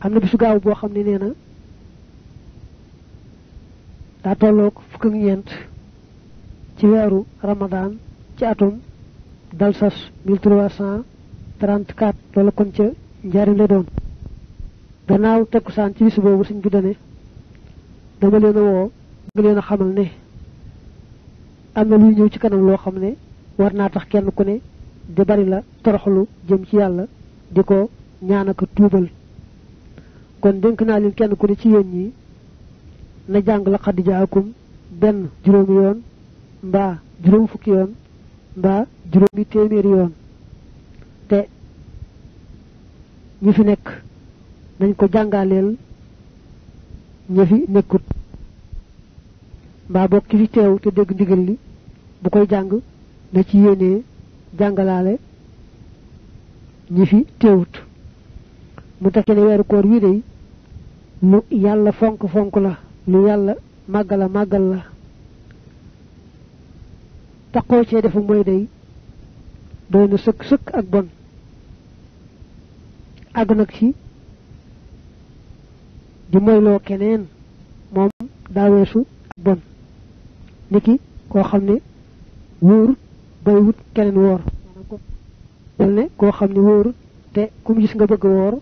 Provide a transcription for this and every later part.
amna bisu gaaw bo xamni neena da tolok fuk ak ñent ci weeru ramadan ci atum dal sas 1334 loola kon ca njaarim lay doon gannaaw te tekkusaan ci bisu boobu suñu bi dane dama leen a woo nga leen xamal ne amna na luy ñëw ci kanam lo xamne war na tax kenn ku ne de bari la toroxlu jëm ci yalla diko ñaanaka tuubal kon denk naa leen kenn ku ne ci yéen ñi na jàng la xaddi jaakum benn juróomi yoon mbaa juróom fukki yoon mbaa juróomi téeméeri yoon te nyifinek, fi nekk nañ ko jàngaaleel ñi fi nekkut mbaa bokk fi teew te dégg ndigal li bu koy jàng na ci yéenee jàngalaale ñi fi teewut mu tekki ne weeru koor wi de lu yàlla fonk fonk la lu yàlla màggal la màggal la taqoo cee defu mooy day doy na sëkk sëkk ak bon ag nag ci di moyloo keneen moom daaweesu ak bon niki koo xam ne wóor bay wut keneen woor ko ne koo xam ne te kum gis nga bëgg woor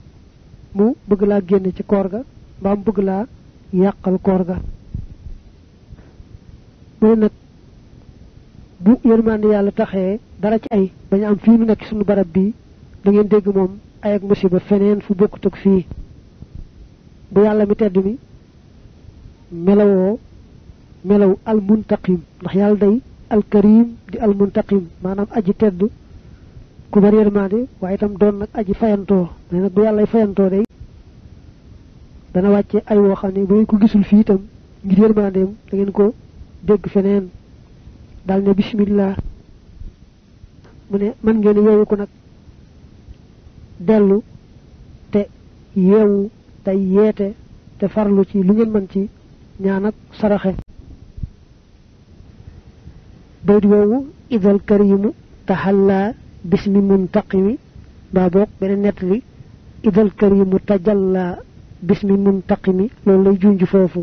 mu bëgg laa génn ci koor ga mbaam bëgg laa yàqal koor ga mu nag bu yërmande yàlla taxee dara ci ay bañ am fii nu nekk suñu barab bi da ngeen dégg moom ay ak musiba feneen fu bokkut fii bu yàlla mi tedd mi melawoo melaw al muntaqim ndax yàlla day al karim di al muntaqim maanaam aji tedd ku bari waitem waye tam doon nak aji fayanto neena bu yalla fayanto day dana wacce ay wo xamne bu ko gisul fi tam ngir yermande da ngeen ko deg fenen dal ne bismillah mune man ngeen yewu ko nak delu te yewu tay yete te farlu ci lu ngeen man ci ñaan ak saraxe tahalla باسم منتقم بابوك بن نتلي إذا الكريم تجلى باسم منتقم لولا جنج فوفو